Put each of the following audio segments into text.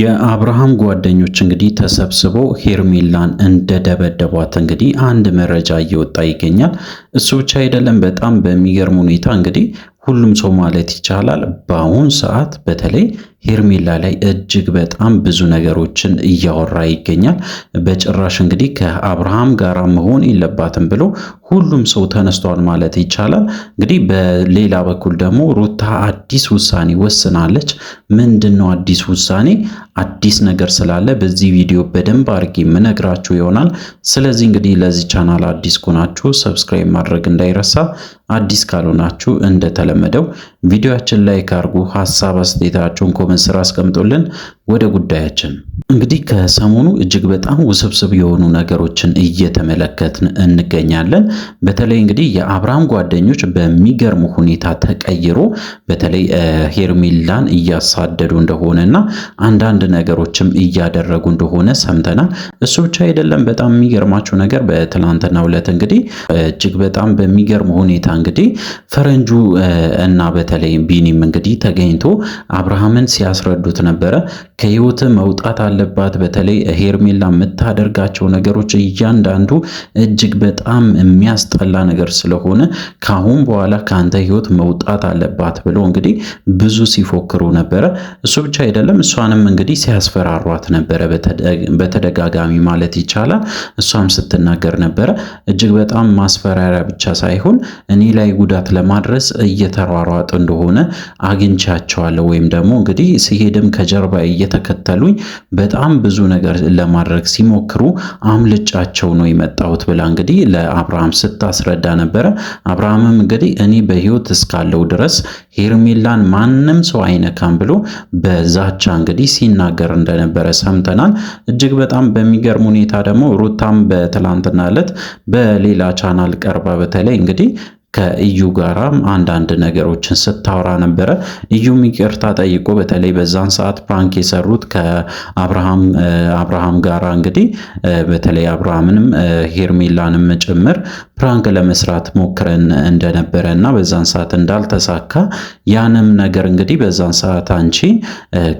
የአብርሃም ጓደኞች እንግዲህ ተሰብስበው ሄርሜላን እንደደበደቧት እንግዲህ አንድ መረጃ እየወጣ ይገኛል። እሱ ብቻ አይደለም። በጣም በሚገርም ሁኔታ እንግዲህ ሁሉም ሰው ማለት ይቻላል በአሁን ሰዓት በተለይ ሄርሜላ ላይ እጅግ በጣም ብዙ ነገሮችን እያወራ ይገኛል። በጭራሽ እንግዲህ ከአብርሃም ጋር መሆን የለባትም ብሎ ሁሉም ሰው ተነስቷል ማለት ይቻላል። እንግዲህ በሌላ በኩል ደግሞ ሩታ አዲስ ውሳኔ ወስናለች። ምንድን ነው አዲስ ውሳኔ? አዲስ ነገር ስላለ በዚህ ቪዲዮ በደንብ አድርጌ የምነግራችሁ ይሆናል። ስለዚህ እንግዲህ ለዚህ ቻናል አዲስ ከሆናችሁ ሰብስክራይብ ማድረግ እንዳይረሳ፣ አዲስ ካልሆናችሁ እንደተለመደው ቪዲዮአችን ላይ ካርጉ ሀሳብ አስተያየታችሁን ኮመንት ስራ አስቀምጡልን። ወደ ጉዳያችን እንግዲህ ከሰሞኑ እጅግ በጣም ውስብስብ የሆኑ ነገሮችን እየተመለከትን እንገኛለን። በተለይ እንግዲህ የአብርሃም ጓደኞች በሚገርም ሁኔታ ተቀይሮ በተለይ ሄርሜላን እያሳደዱ እንደሆነና አንዳንድ ነገሮችም እያደረጉ እንደሆነ ሰምተናል። እሱ ብቻ አይደለም። በጣም የሚገርማችሁ ነገር በትናንትና ዕለት እንግዲህ እጅግ በጣም በሚገርም ሁኔታ እንግዲህ ፈረንጁ እና በተለይ ቢኒም እንግዲህ ተገኝቶ አብርሃምን ሲያስረዱት ነበረ ከህይወት መውጣት አለባት። በተለይ ሄርሜላ የምታደርጋቸው ነገሮች እያንዳንዱ እጅግ በጣም የሚያስጠላ ነገር ስለሆነ ካሁን በኋላ ከአንተ ህይወት መውጣት አለባት ብሎ እንግዲህ ብዙ ሲፎክሩ ነበረ። እሱ ብቻ አይደለም፣ እሷንም እንግዲህ ሲያስፈራሯት ነበረ በተደጋጋሚ ማለት ይቻላል። እሷም ስትናገር ነበረ እጅግ በጣም ማስፈራሪያ ብቻ ሳይሆን እኔ ላይ ጉዳት ለማድረስ እየተሯሯጥ እንደሆነ አግኝቻቸዋለሁ ወይም ደግሞ እንግዲህ ሲሄድም ከጀርባ እየተከተሉኝ በጣም ብዙ ነገር ለማድረግ ሲሞክሩ አምልጫቸው ነው የመጣሁት ብላ እንግዲህ ለአብርሃም ስታስረዳ ነበረ። አብርሃምም እንግዲህ እኔ በህይወት እስካለው ድረስ ሄርሜላን ማንም ሰው አይነካም ብሎ በዛቻ እንግዲህ ሲናገር እንደነበረ ሰምተናል። እጅግ በጣም በሚገርም ሁኔታ ደግሞ ሩታም በትላንትና ዕለት በሌላ ቻናል ቀርባ በተለይ እንግዲህ ከእዩ ጋራም አንዳንድ ነገሮችን ስታወራ ነበረ። እዩም ይቅርታ ጠይቆ በተለይ በዛን ሰዓት ፕራንክ የሰሩት ከአብርሃም አብርሃም ጋራ እንግዲህ በተለይ አብርሃምንም ሄርሜላንም ጭምር ፕራንክ ለመስራት ሞክረን እንደነበረ እና በዛን ሰዓት እንዳልተሳካ ያንም ነገር እንግዲህ በዛን ሰዓት አንቺ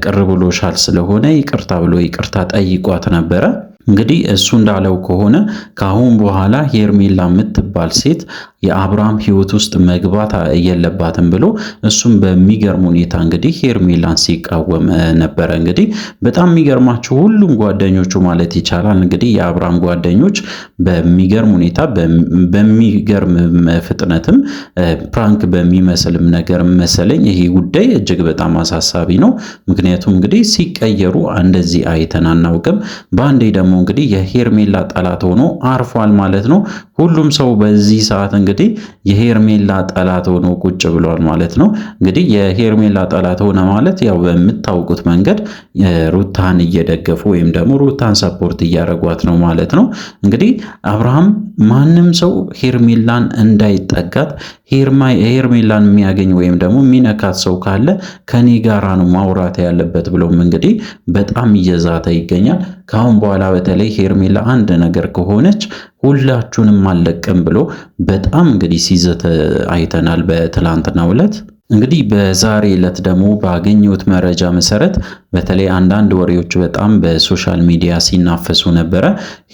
ቅር ብሎሻል ስለሆነ ይቅርታ ብሎ ይቅርታ ጠይቋት ነበረ። እንግዲህ እሱ እንዳለው ከሆነ ከአሁን በኋላ ሄርሜላ የምትባል ሴት የአብርሃም ሕይወት ውስጥ መግባት የለባትም ብሎ እሱም በሚገርም ሁኔታ እንግዲህ ሄርሜላን ሲቃወም ነበረ። እንግዲህ በጣም የሚገርማችሁ ሁሉም ጓደኞቹ ማለት ይቻላል እንግዲህ የአብርሃም ጓደኞች በሚገርም ሁኔታ በሚገርም ፍጥነትም ፕራንክ በሚመስልም ነገር መሰለኝ ይሄ ጉዳይ እጅግ በጣም አሳሳቢ ነው። ምክንያቱም እንግዲህ ሲቀየሩ እንደዚህ አይተን አናውቅም። በአንዴ ደግሞ ነው እንግዲህ የሄርሜላ ጠላት ሆኖ አርፏል ማለት ነው። ሁሉም ሰው በዚህ ሰዓት እንግዲህ የሄርሜላ ጠላት ሆኖ ቁጭ ብሏል ማለት ነው። እንግዲህ የሄርሜላ ጠላት ሆነ ማለት ያው በምታውቁት መንገድ ሩታን እየደገፉ ወይም ደግሞ ሩታን ሰፖርት እያደረጓት ነው ማለት ነው። እንግዲህ አብርሃም ማንም ሰው ሄርሜላን እንዳይጠጋት ሄርሜላን የሚያገኝ ወይም ደግሞ የሚነካት ሰው ካለ ከኔ ጋራ ነው ማውራት ያለበት ብሎም እንግዲህ በጣም እየዛተ ይገኛል። ከአሁን በኋላ በተለይ ሄርሜላ አንድ ነገር ከሆነች ሁላችሁንም አልለቅም ብሎ በጣም እንግዲህ ሲዘት አይተናል በትላንትናው ዕለት። እንግዲህ በዛሬ ዕለት ደግሞ ባገኘሁት መረጃ መሰረት በተለይ አንዳንድ ወሬዎች በጣም በሶሻል ሚዲያ ሲናፈሱ ነበረ።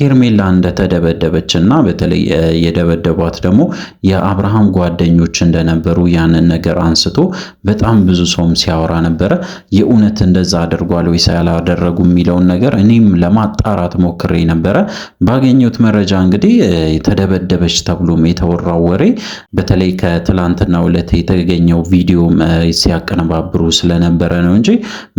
ሄርሜላ እንደተደበደበች እና በተለይ የደበደቧት ደግሞ የአብርሃም ጓደኞች እንደነበሩ ያንን ነገር አንስቶ በጣም ብዙ ሰውም ሲያወራ ነበረ። የእውነት እንደዛ አድርጓል ወይ ሳላደረጉ የሚለውን ነገር እኔም ለማጣራት ሞክሬ ነበረ። ባገኘሁት መረጃ እንግዲህ የተደበደበች ተብሎም የተወራው ወሬ በተለይ ከትላንትና ዕለት የተገኘው ቪዲዮ ሲያቀነባብሩ ስለነበረ ነው እንጂ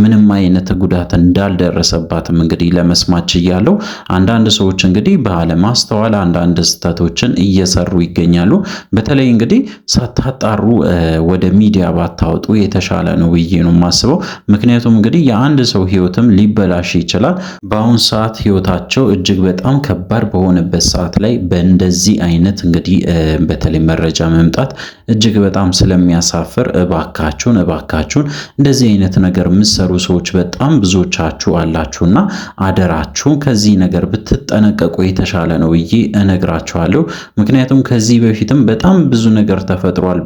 ምንም አይነት ጉዳት እንዳልደረሰባትም እንግዲህ ለመስማት ችያለሁ። አንዳንድ ሰዎች እንግዲህ ባለማስተዋል አንዳንድ ስህተቶችን እየሰሩ ይገኛሉ። በተለይ እንግዲህ ሳታጣሩ ወደ ሚዲያ ባታወጡ የተሻለ ነው ብዬ ነው የማስበው። ምክንያቱም እንግዲህ የአንድ ሰው ህይወትም ሊበላሽ ይችላል። በአሁኑ ሰዓት ህይወታቸው እጅግ በጣም ከባድ በሆነበት ሰዓት ላይ በእንደዚህ አይነት እንግዲህ በተለይ መረጃ መምጣት እጅግ በጣም ስለሚያሳፍር እባካችሁን እባካችሁን እንደዚህ አይነት ነገር የምትሰሩ ሰዎች በጣም ብዙዎቻችሁ አላችሁና አደራችሁ ከዚህ ነገር ብትጠነቀቁ የተሻለ ነው ብዬ እነግራችኋለሁ። ምክንያቱም ከዚህ በፊትም በጣም ብዙ ነገር ተፈጥሯል።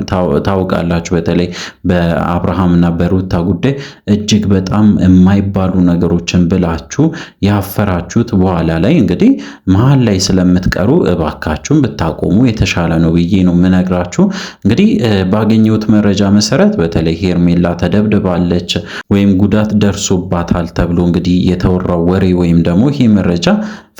ታውቃላችሁ፣ በተለይ በአብርሃምና በሩታ ጉዳይ እጅግ በጣም የማይባሉ ነገሮችን ብላችሁ ያፈራችሁት በኋላ ላይ እንግዲህ መሀል ላይ ስለምትቀሩ እባካችሁም ብታቆሙ የተሻለ ነው ብዬ ነው የምነግራችሁ። እንግዲህ ባገኘሁት መረጃ መሰረት በተለይ ሄርሜላ ተደብድባለች ወይም ጉዳት ደርሶ ደርሶባታል ተብሎ እንግዲህ የተወራው ወሬ ወይም ደግሞ ይህ መረጃ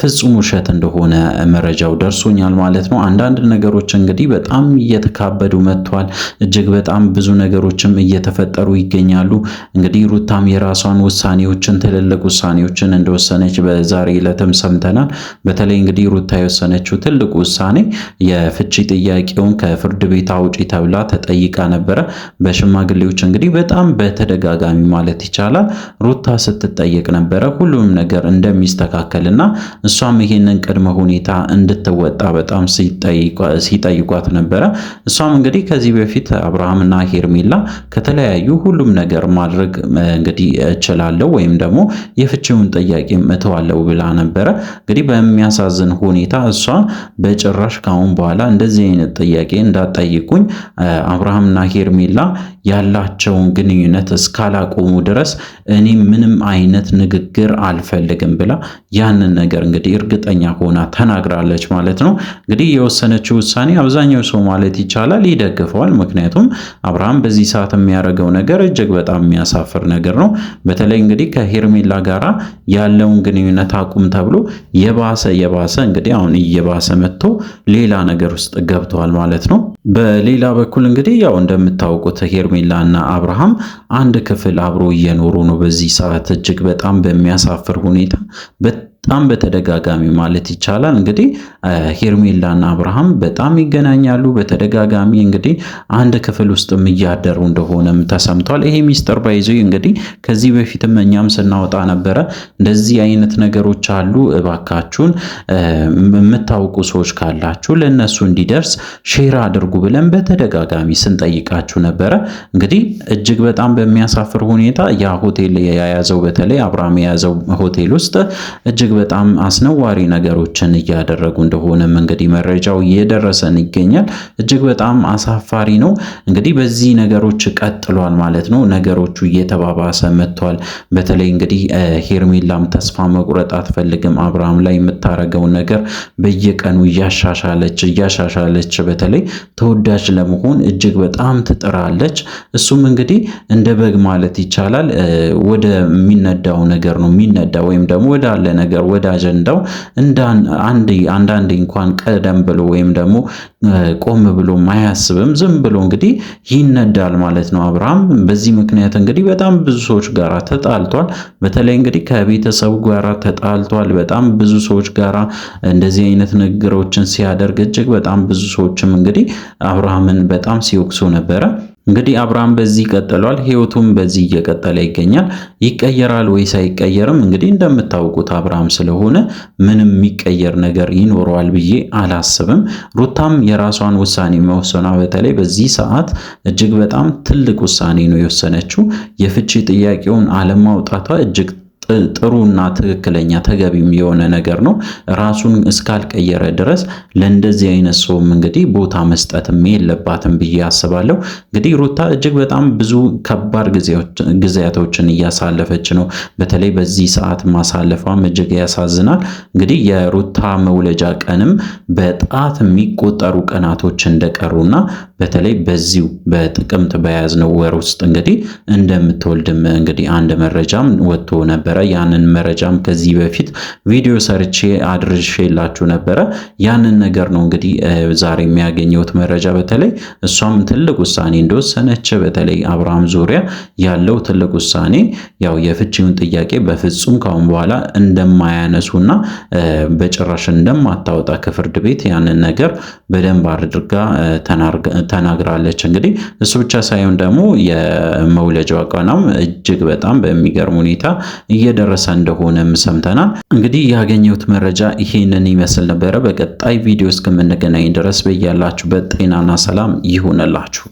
ፍጹም ውሸት እንደሆነ መረጃው ደርሶኛል ማለት ነው። አንዳንድ ነገሮች እንግዲህ በጣም እየተካበዱ መጥቷል። እጅግ በጣም ብዙ ነገሮችም እየተፈጠሩ ይገኛሉ። እንግዲህ ሩታም የራሷን ውሳኔዎችን ትልልቅ ውሳኔዎችን እንደወሰነች በዛሬ ዕለትም ሰምተናል። በተለይ እንግዲህ ሩታ የወሰነችው ትልቁ ውሳኔ የፍቺ ጥያቄውን ከፍርድ ቤት አውጪ ተብላ ተጠይቃ ነበረ። በሽማግሌዎች እንግዲህ በጣም በተደጋጋሚ ማለት ይቻላል ሩታ ስትጠየቅ ነበረ ሁሉም ነገር እንደሚስተካከልና እሷም ይሄንን ቅድመ ሁኔታ እንድትወጣ በጣም ሲጠይቋት ነበረ። እሷም እንግዲህ ከዚህ በፊት አብርሃምና ሄርሜላ ከተለያዩ ሁሉም ነገር ማድረግ እንግዲህ እችላለሁ ወይም ደግሞ የፍቺውን ጥያቄ እተዋለሁ ብላ ነበረ። እንግዲህ በሚያሳዝን ሁኔታ እሷ በጭራሽ ካሁን በኋላ እንደዚህ አይነት ጥያቄ እንዳጠይቁኝ አብርሃምና ሄርሜላ ያላቸውን ግንኙነት እስካላቆሙ ድረስ እኔ ምንም አይነት ንግግር አልፈልግም ብላ ያንን ነገር እንግዲህ እርግጠኛ ሆና ተናግራለች ማለት ነው። እንግዲህ የወሰነችው ውሳኔ አብዛኛው ሰው ማለት ይቻላል ይደግፈዋል። ምክንያቱም አብርሃም በዚህ ሰዓት የሚያደርገው ነገር እጅግ በጣም የሚያሳፍር ነገር ነው። በተለይ እንግዲህ ከሄርሜላ ጋራ ያለውን ግንኙነት አቁም ተብሎ የባሰ የባሰ እንግዲህ አሁን እየባሰ መጥቶ ሌላ ነገር ውስጥ ገብተዋል ማለት ነው። በሌላ በኩል እንግዲህ ያው እንደምታውቁት ሄርሜላ እና አብርሃም አንድ ክፍል አብሮ እየኖሩ ነው በዚህ ሰዓት እጅግ በጣም በሚያሳፍር ሁኔታ በጣም በተደጋጋሚ ማለት ይቻላል እንግዲህ ሄርሜላና አብርሃም በጣም ይገናኛሉ። በተደጋጋሚ እንግዲህ አንድ ክፍል ውስጥም እያደሩ እንደሆነም ተሰምቷል። ይሄ ሚስጥር ባይዞ እንግዲህ ከዚህ በፊትም እኛም ስናወጣ ነበረ። እንደዚህ አይነት ነገሮች አሉ፣ እባካችሁን የምታውቁ ሰዎች ካላችሁ ለእነሱ እንዲደርስ ሼር አድርጉ ብለን በተደጋጋሚ ስንጠይቃችሁ ነበረ። እንግዲህ እጅግ በጣም በሚያሳፍር ሁኔታ ያ ሆቴል የያዘው በተለይ አብርሃም የያዘው ሆቴል ውስጥ እጅግ በጣም አስነዋሪ ነገሮችን እያደረጉ እንደሆነም እንግዲህ መረጃው እየደረሰን ይገኛል። እጅግ በጣም አሳፋሪ ነው። እንግዲህ በዚህ ነገሮች ቀጥሏል ማለት ነው። ነገሮቹ እየተባባሰ መጥቷል። በተለይ እንግዲህ ሄርሜላም ተስፋ መቁረጥ አትፈልግም። አብርሃም ላይ የምታረገው ነገር በየቀኑ እያሻሻለች እያሻሻለች በተለይ ተወዳጅ ለመሆን እጅግ በጣም ትጥራለች። እሱም እንግዲህ እንደ በግ ማለት ይቻላል ወደሚነዳው ነገር ነው የሚነዳ ወይም ደግሞ ወዳለ ነገር ነገር ወደ አጀንዳው አንዳንዴ እንኳን ቀደም ብሎ ወይም ደግሞ ቆም ብሎ አያስብም። ዝም ብሎ እንግዲህ ይነዳል ማለት ነው አብርሃም። በዚህ ምክንያት እንግዲህ በጣም ብዙ ሰዎች ጋር ተጣልቷል። በተለይ እንግዲህ ከቤተሰቡ ጋራ ተጣልቷል። በጣም ብዙ ሰዎች ጋራ እንደዚህ አይነት ንግግሮችን ሲያደርግ እጅግ በጣም ብዙ ሰዎችም እንግዲህ አብርሃምን በጣም ሲወቅሱ ነበረ። እንግዲህ አብርሃም በዚህ ቀጥሏል። ህይወቱም በዚህ እየቀጠለ ይገኛል። ይቀየራል ወይስ አይቀየርም? እንግዲህ እንደምታውቁት አብርሃም ስለሆነ ምንም የሚቀየር ነገር ይኖረዋል ብዬ አላስብም። ሩታም የራሷን ውሳኔ መወሰኗ በተለይ በዚህ ሰዓት እጅግ በጣም ትልቅ ውሳኔ ነው የወሰነችው። የፍቺ ጥያቄውን አለማውጣቷ እጅግ ጥሩና ትክክለኛ ተገቢም የሆነ ነገር ነው። ራሱን እስካልቀየረ ድረስ ለእንደዚህ አይነት ሰውም እንግዲህ ቦታ መስጠትም የለባትም ብዬ አስባለሁ። እንግዲህ ሩታ እጅግ በጣም ብዙ ከባድ ጊዜያቶችን እያሳለፈች ነው። በተለይ በዚህ ሰዓት ማሳለፏም እጅግ ያሳዝናል። እንግዲህ የሩታ መውለጃ ቀንም በጣት የሚቆጠሩ ቀናቶች እንደቀሩና በተለይ በዚሁ በጥቅምት በያዝነው ወር ውስጥ እንግዲህ እንደምትወልድም እንግዲህ አንድ መረጃም ወጥቶ ነበረ። ያንን መረጃም ከዚህ በፊት ቪዲዮ ሰርቼ አድርሼላችሁ ነበረ። ያንን ነገር ነው እንግዲህ ዛሬ የሚያገኘውት መረጃ። በተለይ እሷም ትልቅ ውሳኔ እንደወሰነች በተለይ አብርሃም ዙሪያ ያለው ትልቅ ውሳኔ ያው የፍቺውን ጥያቄ በፍጹም ካሁን በኋላ እንደማያነሱና በጭራሽ እንደማታወጣ ከፍርድ ቤት ያንን ነገር በደንብ አድርጋ ተናግራለች። እንግዲህ እሱ ብቻ ሳይሆን ደግሞ የመውለጃዋ ቀናም እጅግ በጣም በሚገርም ሁኔታ እየደረሰ እንደሆነም ሰምተናል። እንግዲህ ያገኘሁት መረጃ ይሄንን ይመስል ነበረ። በቀጣይ ቪዲዮ እስከምንገናኝ ድረስ በያላችሁበት ጤናና ሰላም ይሁንላችሁ።